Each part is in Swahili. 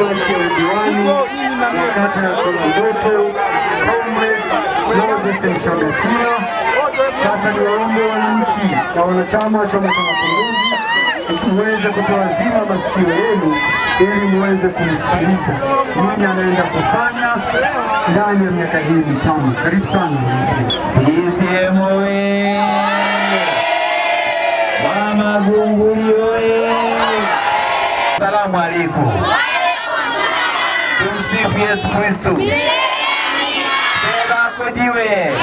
nafasi ya udiwani ya kata ya Korondoto Comrade Moses Sasa ni waombe wananchi na wanachama wa Chama cha Mapinduzi mkiweze kutoa zima masikio yenu ili muweze kumsikiliza nini anaenda kufanya ndani ya miaka hii mitano. Karibu sana CCM oye! Mama Gunguli oye! Salamu alaikum. Tumsifu Yesu Kristo. Beba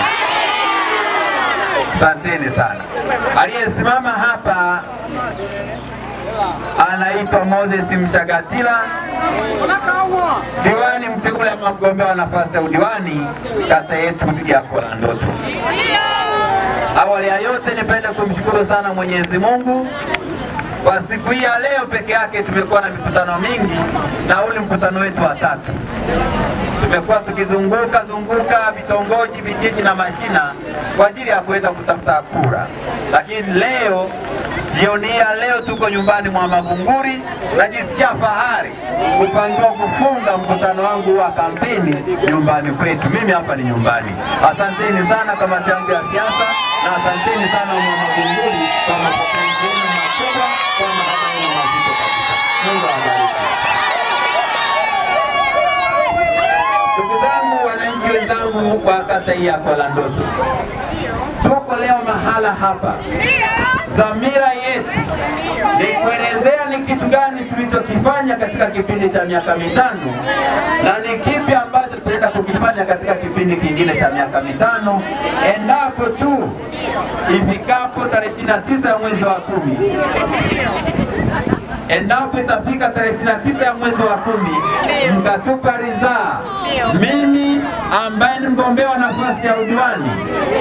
Asanteni sana. Aliyesimama hapa anaitwa Moses Mshagatila, diwani mteule ama mgombea wa nafasi ya udiwani kata yetu ya Kolandoto. Awali ya yote, nipende kumshukuru sana Mwenyezi Mungu kwa siku hii ya leo peke yake tumekuwa na mikutano mingi, na ule mkutano wetu wa tatu tumekuwa tukizunguka zunguka vitongoji, vijiji na mashina kwa ajili ya kuweza kutafuta kura, lakini leo jioni ya leo tuko nyumbani mwa Magunguri. Najisikia fahari kupangiwa kufunga mkutano wangu wa kampeni nyumbani kwetu. Mimi hapa ni nyumbani. Asanteni sana kamati yangu ya siasa, na asanteni sana mwa Magunguri kwa Mungu kwa kata hii ya Kolandoto, tuko leo mahala hapa, dhamira yetu ni kuelezea ni kitu gani tulichokifanya katika kipindi cha miaka mitano na ni kipi ambacho tutaweza kukifanya katika kipindi kingine cha miaka mitano endapo tu ifikapo tarehe 29 ya mwezi wa kumi endapo itafika tarehe 29 ya mwezi wa kumi, mtatupa ridhaa, mimi ambaye ni mgombea wa nafasi ya udiwani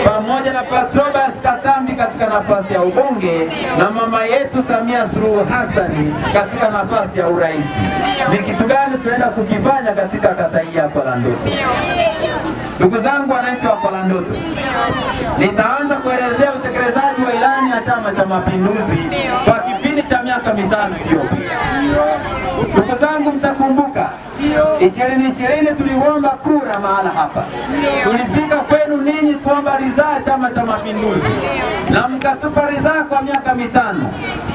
pamoja na Patrobas Katambi katika nafasi ya ubunge na mama yetu Samia Suluhu Hassani katika nafasi ya urais. Ni kitu gani tunaenda kukifanya katika kata hii ya ndoto Ndugu zangu wananchi wa ndoto nitaanza kuelezea utekelezaji wa ilani ya Chama cha Mapinduzi kwa kipindi cha miaka mitano iliyopita. Ndugu zangu, mtakumbuka ishirini ishirini tuliomba kura mahala hapa, tulifika kwenu ninyi kuomba ridhaa Chama cha Mapinduzi na mkatupa ridhaa kwa miaka mitano.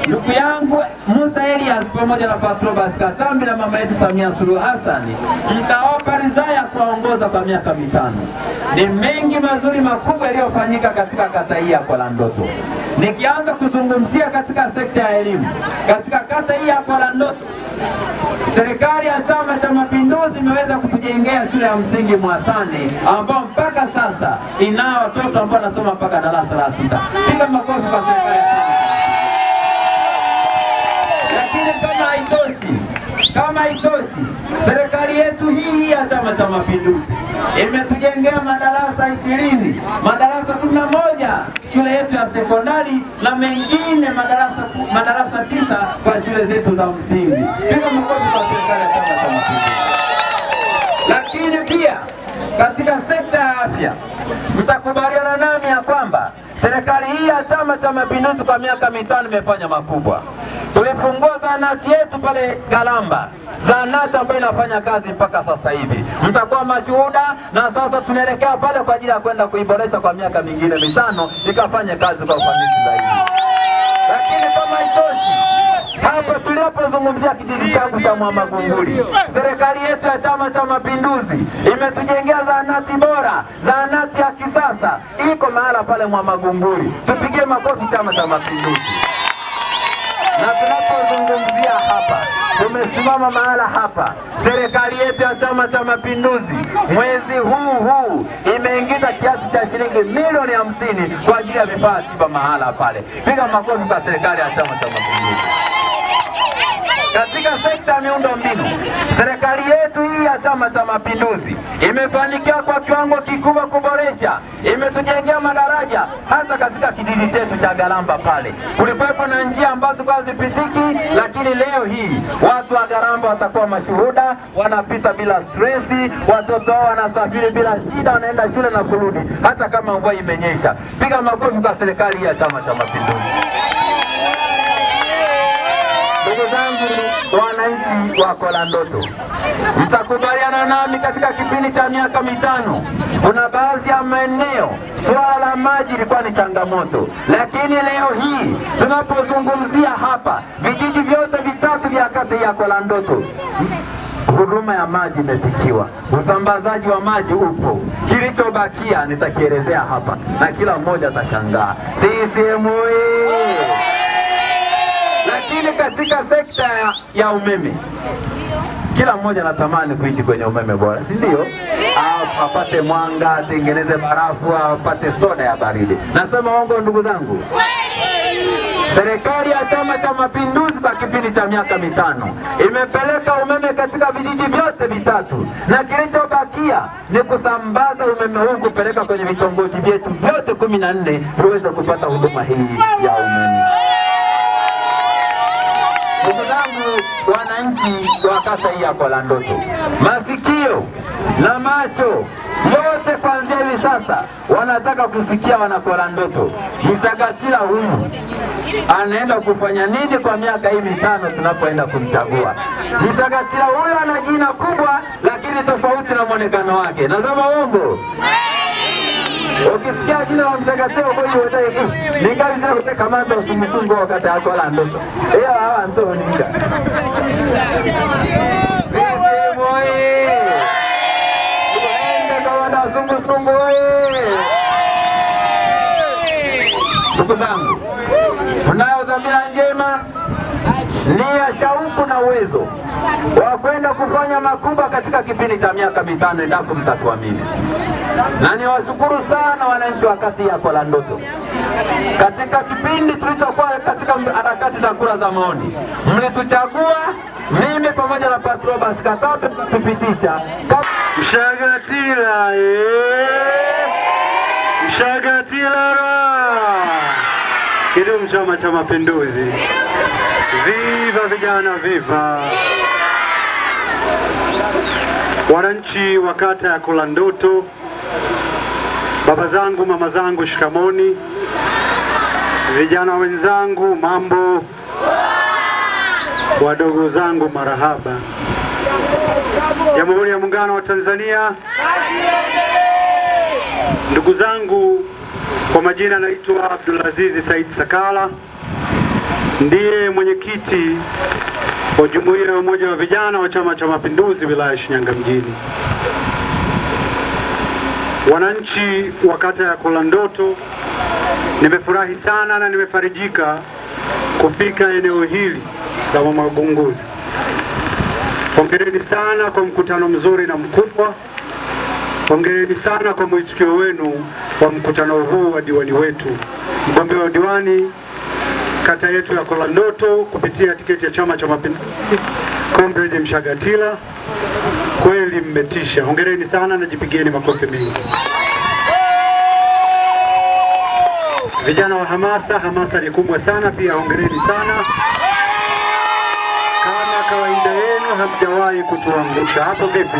Ndugu yangu Musa Elias pamoja na Patrobas Katambi na mama yetu Samia Suluhu Hassan mkaopa ridhaa ya kuwaongoza kwa miaka mitano. Ni mengi mazuri makubwa yaliyofanyika katika kata hii ya Kwalandoto. Nikianza kuzungumzia katika sekta ya elimu katika kata hii ya Kwalandoto, serikali ya Chama cha Mapinduzi Ndoo zimeweza kutujengea shule ya msingi Mwasani ambao mpaka sasa inao watoto ambao wanasoma mpaka darasa la sita. Piga makofi kwa serikali. Lakini kama haitoshi, kama haitoshi, serikali yetu hii ya Chama cha Mapinduzi imetujengea madarasa ishirini, madarasa kumi na moja shule yetu ya sekondari na mengine madarasa madarasa tisa kwa shule zetu za msingi. Piga makofi kwa serikali ya Chama cha Mapinduzi katika sekta ya afya, mtakubaliana nami ya kwamba serikali hii ya Chama cha Mapinduzi kwa miaka mitano imefanya makubwa. Tulifungua zahanati yetu pale Galamba, zahanati ambayo inafanya kazi mpaka sasa hivi, mtakuwa mashuhuda. Na sasa tunaelekea pale kwa ajili ya kwenda kuiboresha kwa miaka mingine mitano ikafanye kazi kwa ufanisi zaidi hapa tunapozungumzia kijiji changu cha Mwamagunguli, serikali yetu ya Chama cha Mapinduzi imetujengea zahanati bora, zahanati ya kisasa iko mahala pale Mwamagunguli. Tupigie makofi Chama cha Mapinduzi. Na tunapozungumzia hapa, tumesimama mahala hapa, serikali yetu ya Chama cha Mapinduzi mwezi huu huu imeingiza kiasi cha shilingi milioni hamsini kwa ajili ya vifaa tiba mahala pale. Piga makofi kwa serikali ya Chama cha Mapinduzi katika sekta ya miundo mbinu Serikali yetu hii ya Chama cha Mapinduzi imefanikiwa kwa kiwango kikubwa kuboresha, imetujengea madaraja hasa katika kijiji chetu cha Galamba. Pale kulikuwepo na njia ambazo kwa zipitiki, lakini leo hii watu wa Galamba watakuwa mashuhuda, wanapita bila stresi, watoto wao wanasafiri bila shida, wanaenda shule na kurudi hata kama mvua imenyesha. Piga makofi kwa serikali ya Chama cha Mapinduzi. wananchi wa Kolandoto. Mtakubaliana nami katika kipindi cha miaka mitano, kuna baadhi ya maeneo swala la maji ilikuwa ni changamoto, lakini leo hii tunapozungumzia hapa vijiji vyote vitatu vya kata ya Kolandoto huduma ya maji imefikiwa, usambazaji wa maji upo. Kilichobakia nitakielezea hapa na kila mmoja atashangaa. CCM oyee! lakini katika sekta ya umeme kila mmoja anatamani kuishi kwenye umeme bora, si ndio? Apate mwanga, atengeneze barafu, apate soda ya baridi. Nasema uongo, ndugu zangu? Serikali ya Chama cha Mapinduzi kwa kipindi cha miaka mitano imepeleka umeme katika vijiji vyote vitatu, na kilichobakia ni kusambaza umeme huu kupeleka kwenye vitongoji vyetu vyote kumi na nne viweze kupata huduma hii ya umeme. Ndugu zangu wananchi wa kata hii ya Kolandoto, masikio na macho yote kuanzia hivi sasa wanataka kusikia wanakolandoto Msagatila huyu anaenda kufanya nini kwa miaka hii mitano tunapoenda kumchagua. Msagatila huyu ana jina kubwa, lakini tofauti na mwonekano wake. Nazama uongo ukisikia jina la mzagatea koiwoteki nikavisa kuteka mata usumusungu wakati atwala ndoto iyo awa ntonika zizimoye sungusungu ndugu zangu tunayo dhamira njema nia shauku na uwezo wa kwenda kufanya makubwa katika kipindi cha miaka mitano endapo mtatuamini na niwashukuru sana wananchi wa kata ya Kolandoto. Katika kipindi tulichokuwa katika harakati za kura za maoni, mlituchagua mimi pamoja na Patrobas Katape kupitisha Mshagatila eh. Mshagatila kidumu Chama cha Mapinduzi! Viva vijana, viva wananchi wa kata ya Kolandoto. Baba zangu, mama zangu, shikamoni. Vijana wenzangu, mambo. Wadogo zangu, marahaba. Jamhuri ya Muungano wa Tanzania. Ndugu zangu, kwa majina naitwa Abdulaziz Said Sakala, ndiye mwenyekiti wa Jumuiya ya Umoja wa Vijana wa Chama cha Mapinduzi wilaya ya Shinyanga mjini. Wananchi wa kata ya Kolandoto, nimefurahi sana na nimefarijika kufika eneo hili la Mama Gunguzi. Hongereni sana kwa mkutano mzuri na mkubwa. Hongereni sana kwa mwitikio wenu wa mkutano huu wa diwani wetu, mgombea wa diwani kata yetu ya Kolandoto kupitia tiketi ya Chama cha Mapinduzi, Comrade Mshagatila. Kweli mmetisha, hongereni sana na jipigieni makofi mengi. Vijana wa hamasa, hamasa ni kubwa sana pia, hongereni sana. Kama kawaida yenu hamjawahi kutuangusha. Hapo vipi?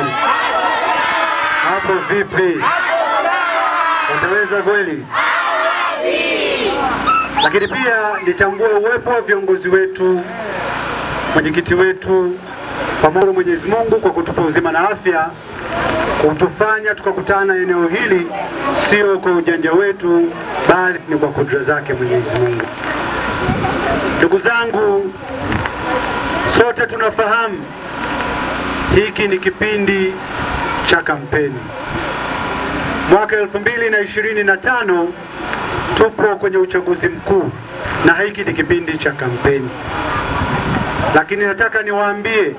Hapo vipi? Wataweza kweli? Lakini pia nitambue uwepo wa viongozi wetu, mwenyekiti wetu pamoja Mwenyezi Mungu kwa kutupa uzima na afya, kutufanya tukakutana eneo hili, sio kwa ujanja wetu, bali ni kwa kudra zake Mwenyezi Mungu. Ndugu zangu, sote tunafahamu hiki ni kipindi cha kampeni. Mwaka elfu mbili na ishirini na tano tupo kwenye uchaguzi mkuu, na hiki ni kipindi cha kampeni. Lakini nataka niwaambie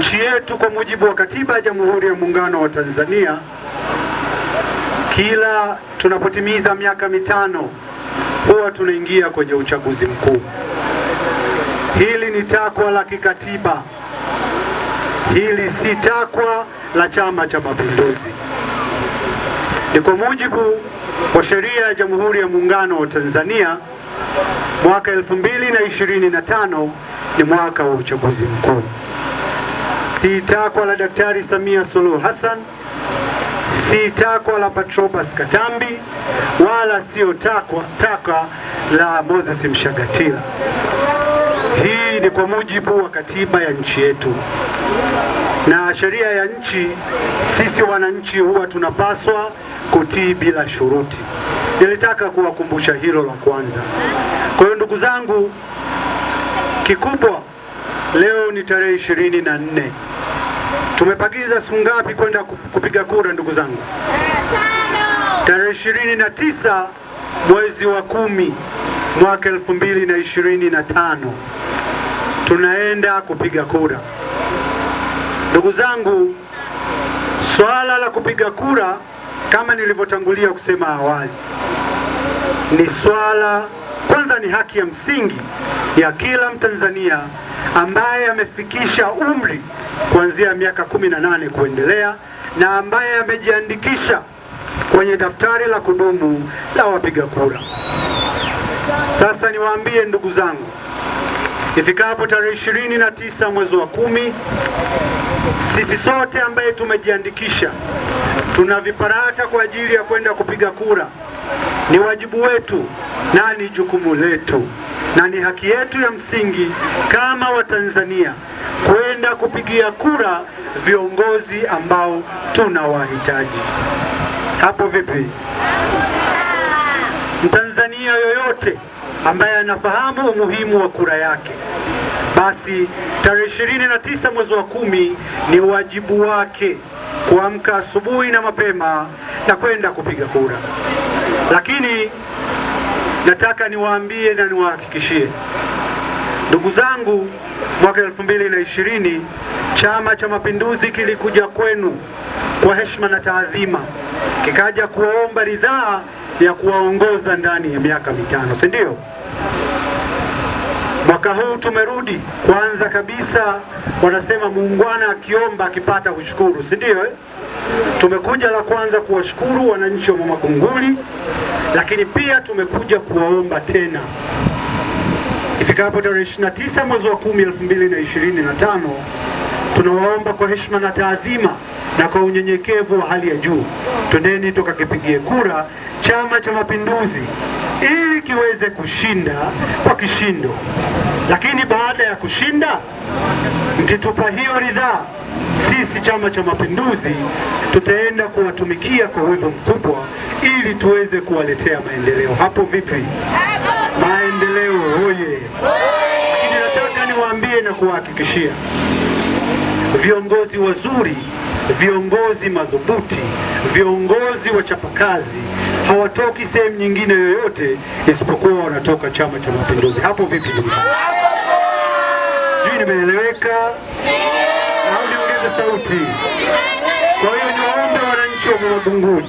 nchi yetu, kwa mujibu wa katiba ya Jamhuri ya Muungano wa Tanzania, kila tunapotimiza miaka mitano huwa tunaingia kwenye uchaguzi mkuu. Hili ni takwa la kikatiba, hili si takwa la Chama cha Mapinduzi, ni kwa mujibu wa sheria ya Jamhuri ya Muungano wa Tanzania mwaka elfu mbili na ishirini na tano ni mwaka wa uchaguzi mkuu. Si takwa la Daktari Samia Suluhu Hassan, si takwa la Patrobas Katambi, wala sio takwa taka la Moses Mshagatila. Hii ni kwa mujibu wa katiba ya nchi yetu na sheria ya nchi. Sisi wananchi huwa tunapaswa kutii bila shuruti. Nilitaka kuwakumbusha hilo la kwanza. Kwa hiyo ndugu zangu Kikubwa leo ni tarehe ishirini na nne. tumepagiza siku ngapi kwenda kupiga kura, ndugu zangu? Tarehe ishirini na tisa mwezi wa kumi mwaka elfu mbili na ishirini na tano tunaenda kupiga kura. Ndugu zangu, swala la kupiga kura kama nilivyotangulia kusema awali ni swala kwanza ni haki ya msingi ya kila Mtanzania ambaye amefikisha umri kuanzia miaka kumi na nane kuendelea na ambaye amejiandikisha kwenye daftari la kudumu la wapiga kura. Sasa niwaambie ndugu zangu, ifikapo tarehe ishirini na tisa mwezi wa kumi, sisi sote ambaye tumejiandikisha tuna viparata kwa ajili ya kwenda kupiga kura. Ni wajibu wetu na ni jukumu letu na ni haki yetu ya msingi kama Watanzania kwenda kupigia kura viongozi ambao tunawahitaji. Hapo vipi? Mtanzania yoyote ambaye anafahamu umuhimu wa kura yake, basi tarehe ishirini na tisa mwezi wa kumi ni wajibu wake kuamka asubuhi na mapema na kwenda kupiga kura. Lakini nataka niwaambie na niwahakikishie ndugu zangu, mwaka elfu mbili na ishirini Chama cha Mapinduzi kilikuja kwenu kwa heshima na taadhima, kikaja kuwaomba ridhaa ya kuwaongoza ndani ya miaka mitano, si ndio? Mwaka huu tumerudi. Kwanza kabisa, wanasema muungwana akiomba akipata hushukuru, si ndio eh? Tumekuja la kwanza kuwashukuru wananchi wa Mama Kunguli lakini pia tumekuja kuwaomba tena ifikapo tarehe 29 mwezi wa 10 2025, tunawaomba kwa heshima na taadhima na kwa unyenyekevu wa hali ya juu, twendeni tukakipigie kura Chama cha Mapinduzi ili kiweze kushinda kwa kishindo. Lakini baada ya kushinda, mkitupa hiyo ridhaa, sisi Chama cha Mapinduzi tutaenda kuwatumikia kwa wivu mkubwa ili tuweze kuwaletea maendeleo. Hapo vipi? Maendeleo oye! Lakini nataka niwaambie na kuwahakikishia viongozi wazuri, viongozi madhubuti, viongozi wachapakazi hawatoki sehemu nyingine yoyote isipokuwa wanatoka Chama cha Mapinduzi. Hapo vipi ndugu zangu? Sijui nimeeleweka au niongeze sauti? Kwa hiyo niwaombe wananchi wa Mwamagunguni,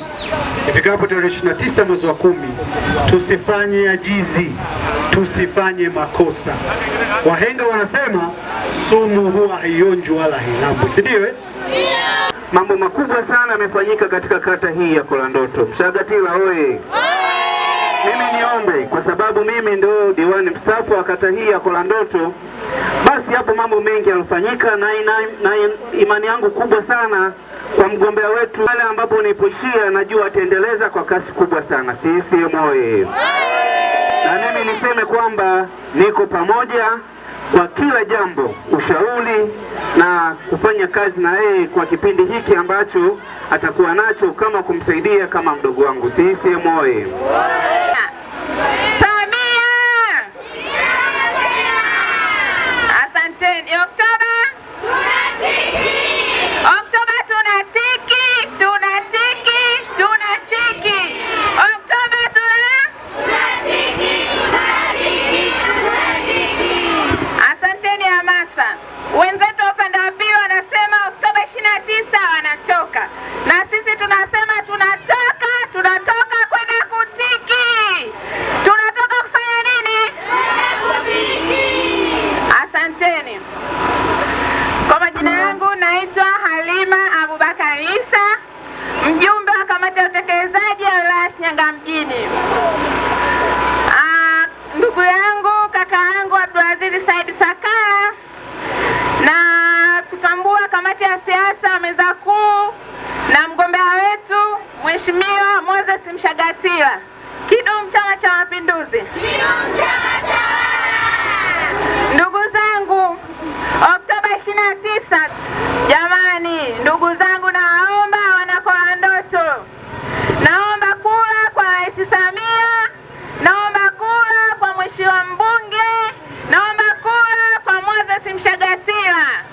ifikapo tarehe tisa mwezi wa kumi, tusifanye ajizi, tusifanye makosa. Wahenga wanasema sumu huwa haionji wala hailambwi, si ndio? Eh? Mambo makubwa sana yamefanyika katika kata hii ya Kolandoto. Mshagatila oye! Mimi niombe kwa sababu mimi ndo diwani mstaafu wa kata hii ya Kolandoto, basi hapo mambo mengi yamefanyika na, ina, na imani yangu kubwa sana kwa mgombea wetu, pale ambapo nipoishia, najua ataendeleza kwa kasi kubwa sana. CCM oye! Na mimi niseme kwamba niko pamoja kwa kila jambo ushauri na kufanya kazi na yeye kwa kipindi hiki ambacho atakuwa nacho kama kumsaidia kama mdogo wangu. CCM oye! ya siasa meza kuu na mgombea wetu Mheshimiwa Moses Mshagatiwa. Kidumu Chama cha Mapinduzi! Ndugu zangu, Oktoba 29, jamani, ndugu zangu, nawaomba wanakoa ndoto, naomba kula kwa Rais Samia, naomba kula kwa Mheshimiwa mbunge, naomba kula kwa Moses Mshagatiwa.